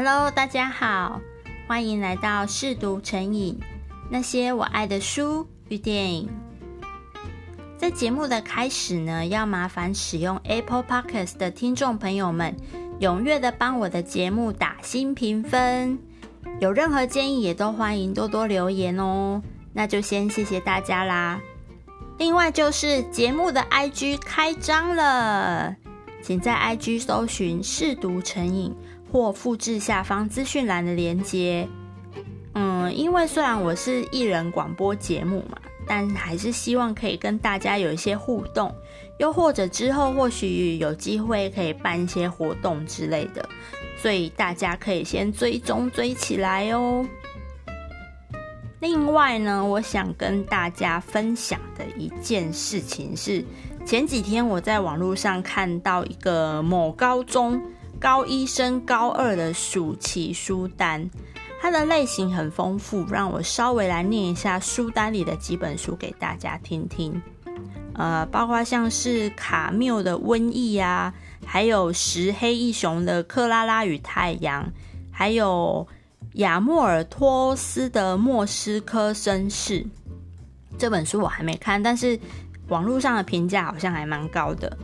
Hello，大家好，歡迎來到嗜讀沉影，那些我愛的書與電影。在節目的開始呢，要麻煩使用 Apple Podcast 的聽眾朋友們，踴躍的幫我的節目打新評分。有任何建議，也都歡迎多多留言哦。那就先謝謝大家啦。另外，就是節目的 IG 開張了，請在 IG 搜尋嗜讀沉影。或複制下方資訊欄的連結，嗯，因為雖然我是一人廣播節目嘛，但還是希望可以跟大家有一些互動，又或者之後或許有機會可以辦一些活動之類的，所以大家可以先追蹤追起來哦、喔。另外呢，我想跟大家分享的一件事情是，前幾天我在網絡上看到一個某高中。高一升高二的暑期書單，它的類型很豐富，讓我稍微來念一下書單裡的幾本書給大家聽聽。呃，包括像是卡繆的《瘟疫》啊，還有石黑一雄的《克拉拉與太陽》，還有亞莫爾托斯的《莫斯科紳士》。這本書我還沒看，但是網絡上的評價好像還蠻高的。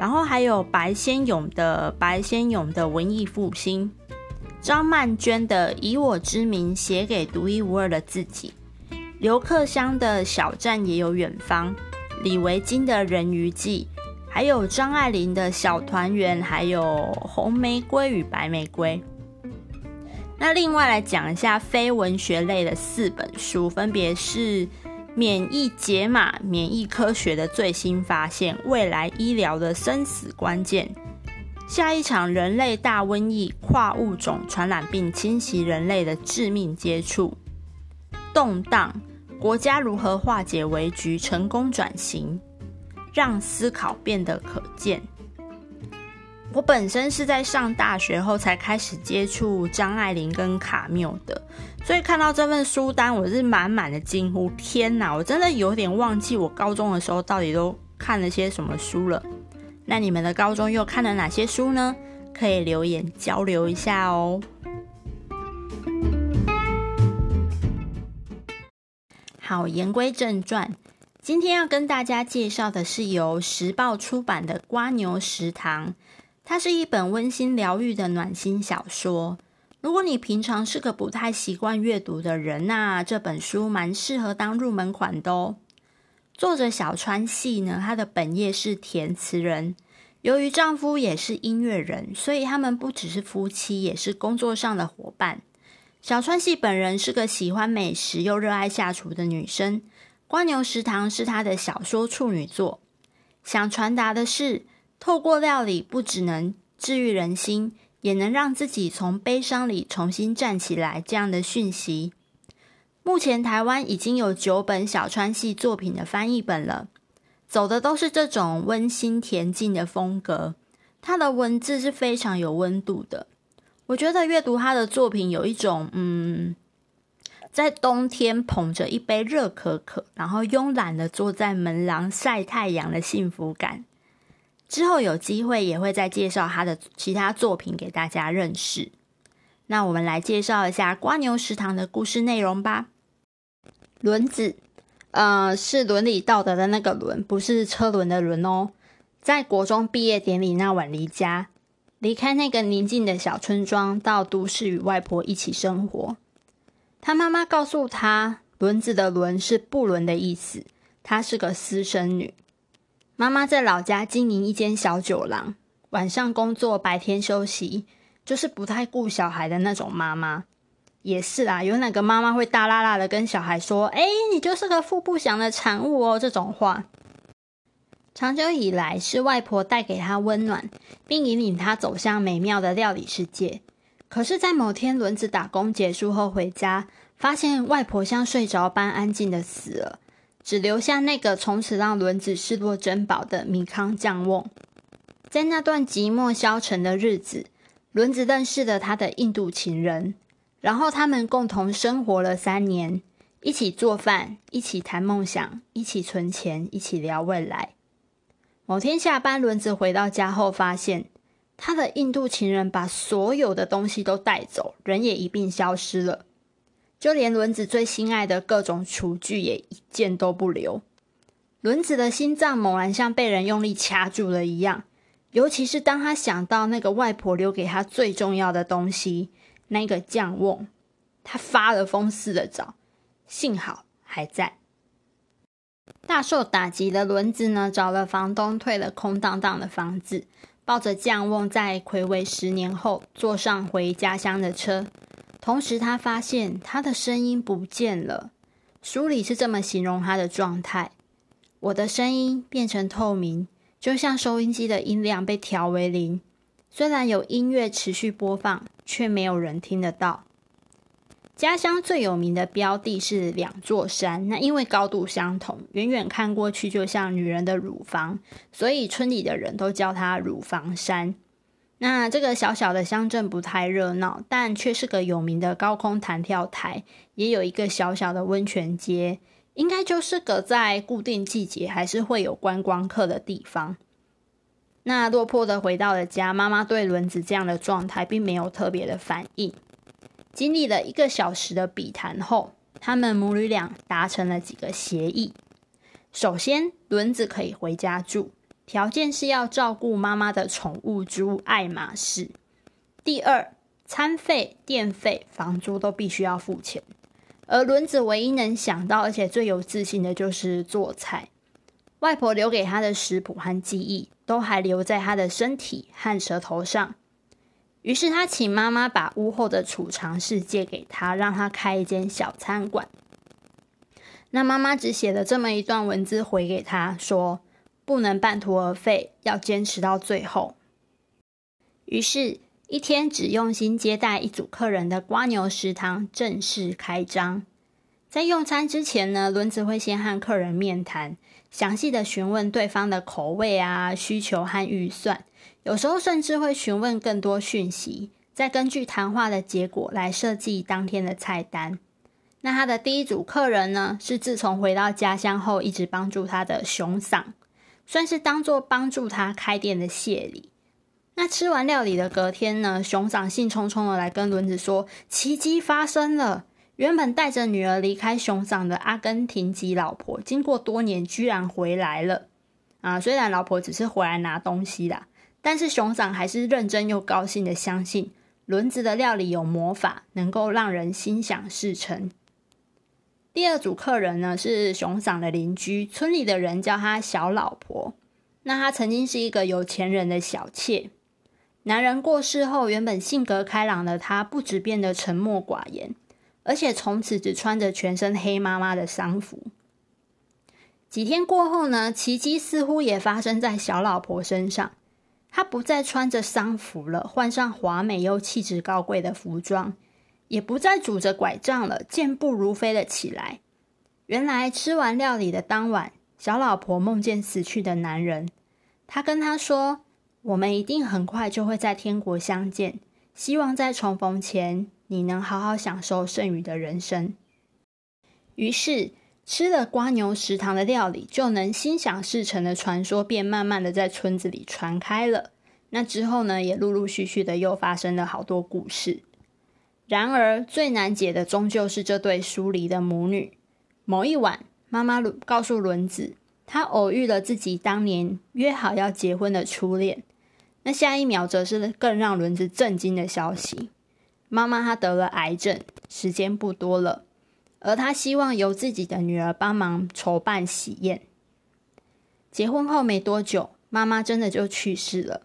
然後還有白先勇的《白先勇的文藝復興》，張曼娟的《以我之名寫給獨一無二的自己》，劉克襄的《小站也有遠方》，李維菁的《人魚紀》，還有張愛玲的《小團圓》，還有《紅玫瑰與白玫瑰》。那另外來講一下非文學類的四本書，分別是。免疫解碼、免疫科學的最新發現，未來醫療的生死關鍵。下一場人類大瘟疫、跨物種傳染病侵襲侵人類的致命接觸，動盪國家如何化解危局、成功轉型，讓思考變得可見。我本身是在上大學後才開始接觸張愛玲跟卡繆的，所以看到這份書單，我是滿滿的驚呼：天哪！我真的有點忘記我高中的時候到底都看了些什麼書了。那你們的高中又看了哪些書呢？可以留言交流一下哦。好，言歸正傳，今天要跟大家介紹的是由時報出版的《蝸牛食堂》。它是一本溫馨療癒的暖心小說。如果你平常是個不太習慣閱讀的人，那、啊、這本書蠻適合當入門款的哦。作者小川系呢，她的本業是填詞人。由於丈夫也是音樂人，所以他們不只是夫妻，也是工作上的夥伴。小川系本人是個喜歡美食又熱愛下廚的女生。《蝸牛食堂》是她的小說處女作，想傳達的是透過料理，不只能治癒人心，也能讓自己從悲傷裡重新站起來，這樣的訊息。目前台灣已經有九本小川系作品的翻譯本了，走的都是這種溫馨恬靜的風格。他的文字是非常有溫度的，我覺得閱讀他的作品有一種，嗯，在冬天捧着一杯熱可可，然後慵懶的坐在門廊曬太陽的幸福感。之後有機會也會再介紹他的其他作品給大家認識。那我們來介紹一下《蝸牛食堂》的故事內容吧。倫子，呃，是倫理道德的那個倫，不是車輪的輪哦。在國中畢業典禮那晚離家，離開那個寧靜的小村莊，到都市與外婆一起生活。他媽媽告訴他，倫子的倫是不倫的意思，她是個私生女。媽媽在老家經營一間小酒廊，晚上工作，白天休息，就是不太顧小孩的那種媽媽。也是啦，有哪個媽媽會大剌剌的跟小孩說：“哎，你就是個父不詳的產物哦”這種話。長久以來，是外婆帶給她溫暖，並引領她走向美妙的料理世界。可是，在某天輪子打工結束後回家，發現外婆像睡着般安靜的死了。只留下那個從此讓輪子視若珍寶的米糠醬甕。在那段寂寞消沉的日子，輪子認識了他的印度情人，然後他們共同生活了三年，一起做飯，一起談夢想，一起存錢，一起聊未來。某天下班，輪子回到家後，發現他的印度情人把所有的東西都帶走，人也一併消失了。就連輪子最心愛的各種廚具也一件都不留。輪子的心臟猛然像被人用力掐住了一樣，尤其是當他想到那個外婆留給他最重要的東西——那個醬瓮，他發了瘋似的找。幸好還在。大受打擊的輪子呢，找了房東退了空蕩蕩的房子，抱着醬瓮在睽違十年後，坐上回家鄉的車。同時，他發現他的聲音不見了。書裡是這麼形容他的狀態：我的聲音變成透明，就像收音機的音量被調為零。雖然有音樂持續播放，却沒有人聽得到。家鄉最有名的標的是兩座山，那因為高度相同，遠遠看過去就像女人的乳房，所以村裡的人都叫它“乳房山”。那這個小小的鄉鎮不太熱鬧，但卻是個有名的高空彈跳台，也有一個小小的溫泉街，應該就是個在固定季節還是會有觀光客的地方。那落魄的回到了家，媽媽對輪子這樣的狀態並沒有特別的反應。經歷了一個小時的筆談後，他們母女倆達成了幾個協議。首先，輪子可以回家住。條件是要照顧媽媽的寵物豬愛馬仕。第二，餐費、電費、房租都必須要付錢。而輪子唯一能想到，而且最有自信的，就是做菜。外婆留給她的食譜和記憶，都還留在她的身體和舌頭上。於是她請媽媽把屋後的儲藏室借給她，讓她開一間小餐館。那媽媽只寫了這麼一段文字回給她，說。不能半途而廢，要堅持到最後。於是，一天只用心接待一組客人的蝸牛食堂正式開張。在用餐之前呢，倫子會先和客人面談，詳細地詢問對方的口味啊、需求和預算，有時候甚至會詢問更多訊息，再根據談話的結果來設計當天的菜單。那他的第一組客人呢，是自從回到家鄉後一直幫助他的熊嗓算是當做幫助他開店的謝禮。那吃完料理的隔天呢，熊掌興沖沖的來跟輪子說，奇蹟發生了。原本帶着女兒離開熊掌的阿根廷籍老婆，經過多年居然回來了。啊，雖然老婆只是回來拿東西啦，但是熊掌還是認真又高興的相信，輪子的料理有魔法，能夠讓人心想事成。第二組客人呢，是熊掌的鄰居，村裡的人叫他小老婆。那他曾經是一個有錢人的小妾，男人過世後，原本性格開朗的他，不只變得沉默寡言，而且從此只穿着全身黑媽媽的喪服。幾天過後呢，奇蹟似乎也發生在小老婆身上，她不再穿着喪服了，換上華美又氣質高貴的服裝。也不再拄着拐杖了，健步如飛了起來。原來吃完料理的當晚，小老婆夢見死去的男人，他跟她說：“我們一定很快就會在天國相見，希望在重逢前你能好好享受剩餘的人生。”於是，吃了蝸牛食堂的料理就能心想事成的傳說，便慢慢的在村子裡傳開了。那之後呢，也陸陸續續的又發生了好多故事。然而最難解的終究是這對疏離的母女。某一晚，媽媽告訴倫子，她偶遇了自己當年約好要結婚的初戀。那下一秒，則是更讓倫子震驚的消息：媽媽她得了癌症，時間不多了，而她希望由自己的女兒幫忙籌辦喜宴。結婚後沒多久，媽媽真的就去世了。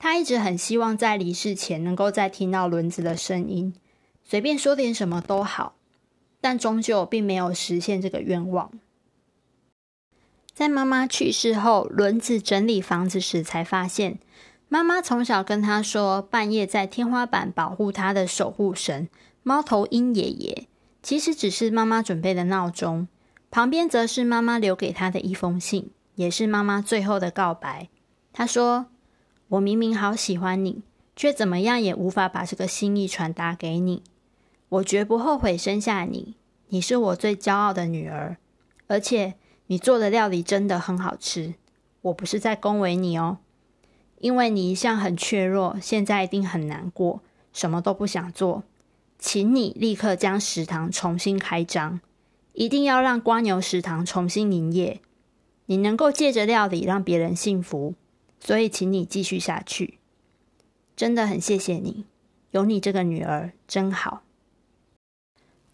她一直很希望在離世前能夠再聽到倫子的聲音。隨便說點什麼都好，但終究並沒有實現這個願望。在媽媽去世後，倫子整理房子時才發現，媽媽從小跟她說，半夜在天花板保護她的守護神——貓頭鷹爺爺，其實只是媽媽準備的鬧鐘。旁邊則是媽媽留給她的一封信，也是媽媽最後的告白。她說：“我明明好喜歡你，卻怎麼樣也無法把這個心意傳達給你。”我絕不後悔生下你，你是我最驕傲的女兒，而且你做的料理真的很好吃。我不是在恭維你哦，因為你一向很怯弱，現在一定很難過，什麼都不想做。請你立刻將食堂重新開張，一定要讓蝸牛食堂重新營業。你能夠借着料理讓別人幸福，所以請你繼續下去。真的很謝謝你，有你這個女兒真好。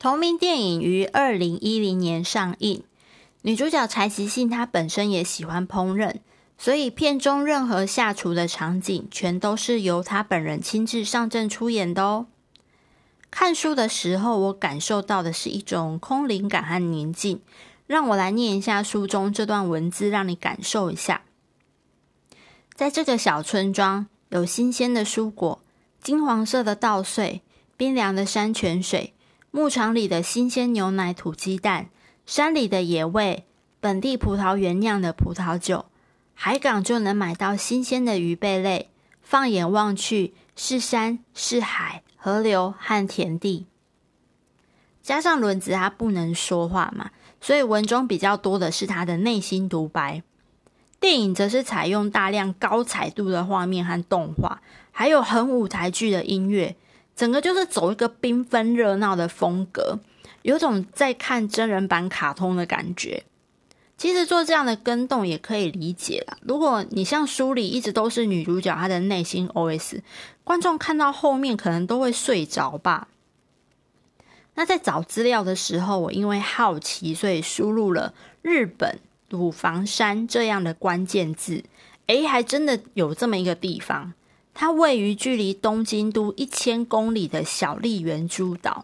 同名電影於二零一零年上映，女主角柴崎幸她本身也喜歡烹飪，所以片中任何下廚的場景全都是由她本人親自上陣出演的哦。看書的時候，我感受到的是一種空靈感和寧靜，讓我來念一下書中這段文字，讓你感受一下。在這個小村莊，有新鮮的蔬果、金黃色的稻穗、冰涼的山泉水。牧場裡的新鮮牛奶、土雞蛋，山裡的野味，本地葡萄園釀的葡萄酒，海港就能買到新鮮的魚貝類。放眼望去，是山，是海，河流和田地。加上輪子，他不能說話嘛，所以文中比較多的是他的內心獨白。電影則是採用大量高彩度的畫面和動畫，還有很舞台劇的音樂。整個就是走一個繽紛熱鬧的風格，有種在看真人版卡通的感覺。其實做這樣的更動也可以理解了。如果你像書裡一直都是女主角，她的內心 OS，觀眾看到後面可能都會睡着吧。那在找資料的時候，我因為好奇，所以輸入了日本乳房山這樣的關鍵字，誒，還真的有這麼一個地方。它位於距離東京都一千公里的小笠原諸島，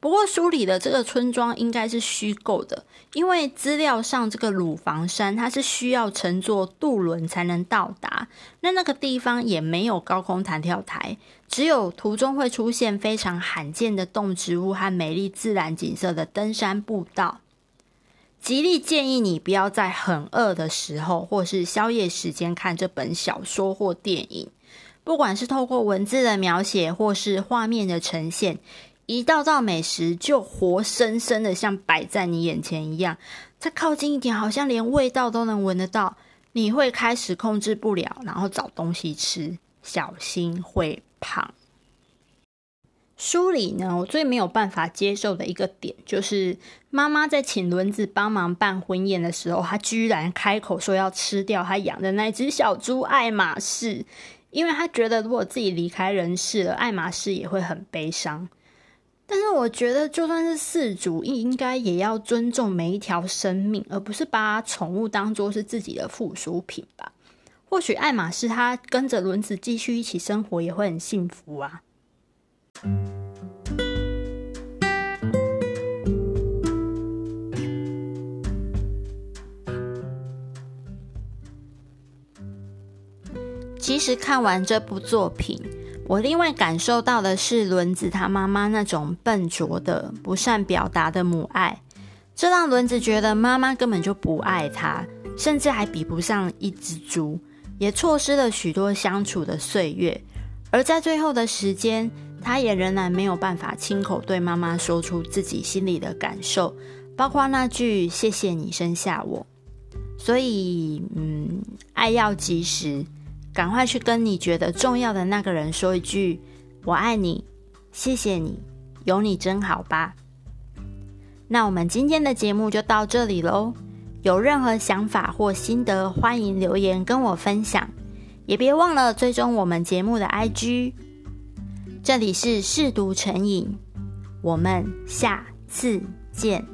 不過書裡的這個村莊應該是虛構的，因為資料上這個乳房山它是需要乘坐渡輪才能到達，那那個地方也沒有高空彈跳台，只有途中會出現非常罕見的動植物和美麗自然景色的登山步道。極力建議你不要在很餓的時候或是宵夜時間看這本小說或電影。不管是透過文字的描寫，或是畫面的呈現，一道道美食就活生生的像擺在你眼前一樣。再靠近一點，好像連味道都能聞得到。你會開始控制不了，然後找東西吃，小心會胖。書裡呢，我最沒有辦法接受的一個點，就是媽媽在請輪子幫忙辦婚宴的時候，她居然開口說要吃掉她養的那隻小豬愛馬仕。因為他覺得，如果自己離開人世了，愛馬仕也會很悲傷。但是我覺得，就算是飼主，應該也要尊重每一條生命，而不是把寵物當做是自己的附屬品吧。或許愛馬仕他跟着輪子繼續一起生活，也會很幸福啊。其實看完這部作品，我另外感受到的是輪子他媽媽那種笨拙的、不善表達的母愛，這讓輪子覺得媽媽根本就不愛他，甚至還比不上一只豬，也錯失了許多相處的歲月。而在最後的時間，他也仍然沒有辦法親口對媽媽說出自己心裡的感受，包括那句“謝謝你生下我”。所以，嗯，愛要及時。趕快去跟你覺得重要的那個人說一句“我愛你，謝謝你，有你真好”吧。那我們今天的節目就到這裡嘍。有任何想法或心得，歡迎留言跟我分享。也別忘了追蹤我們節目的 IG。這裡是嗜讀沉影，我們下次見。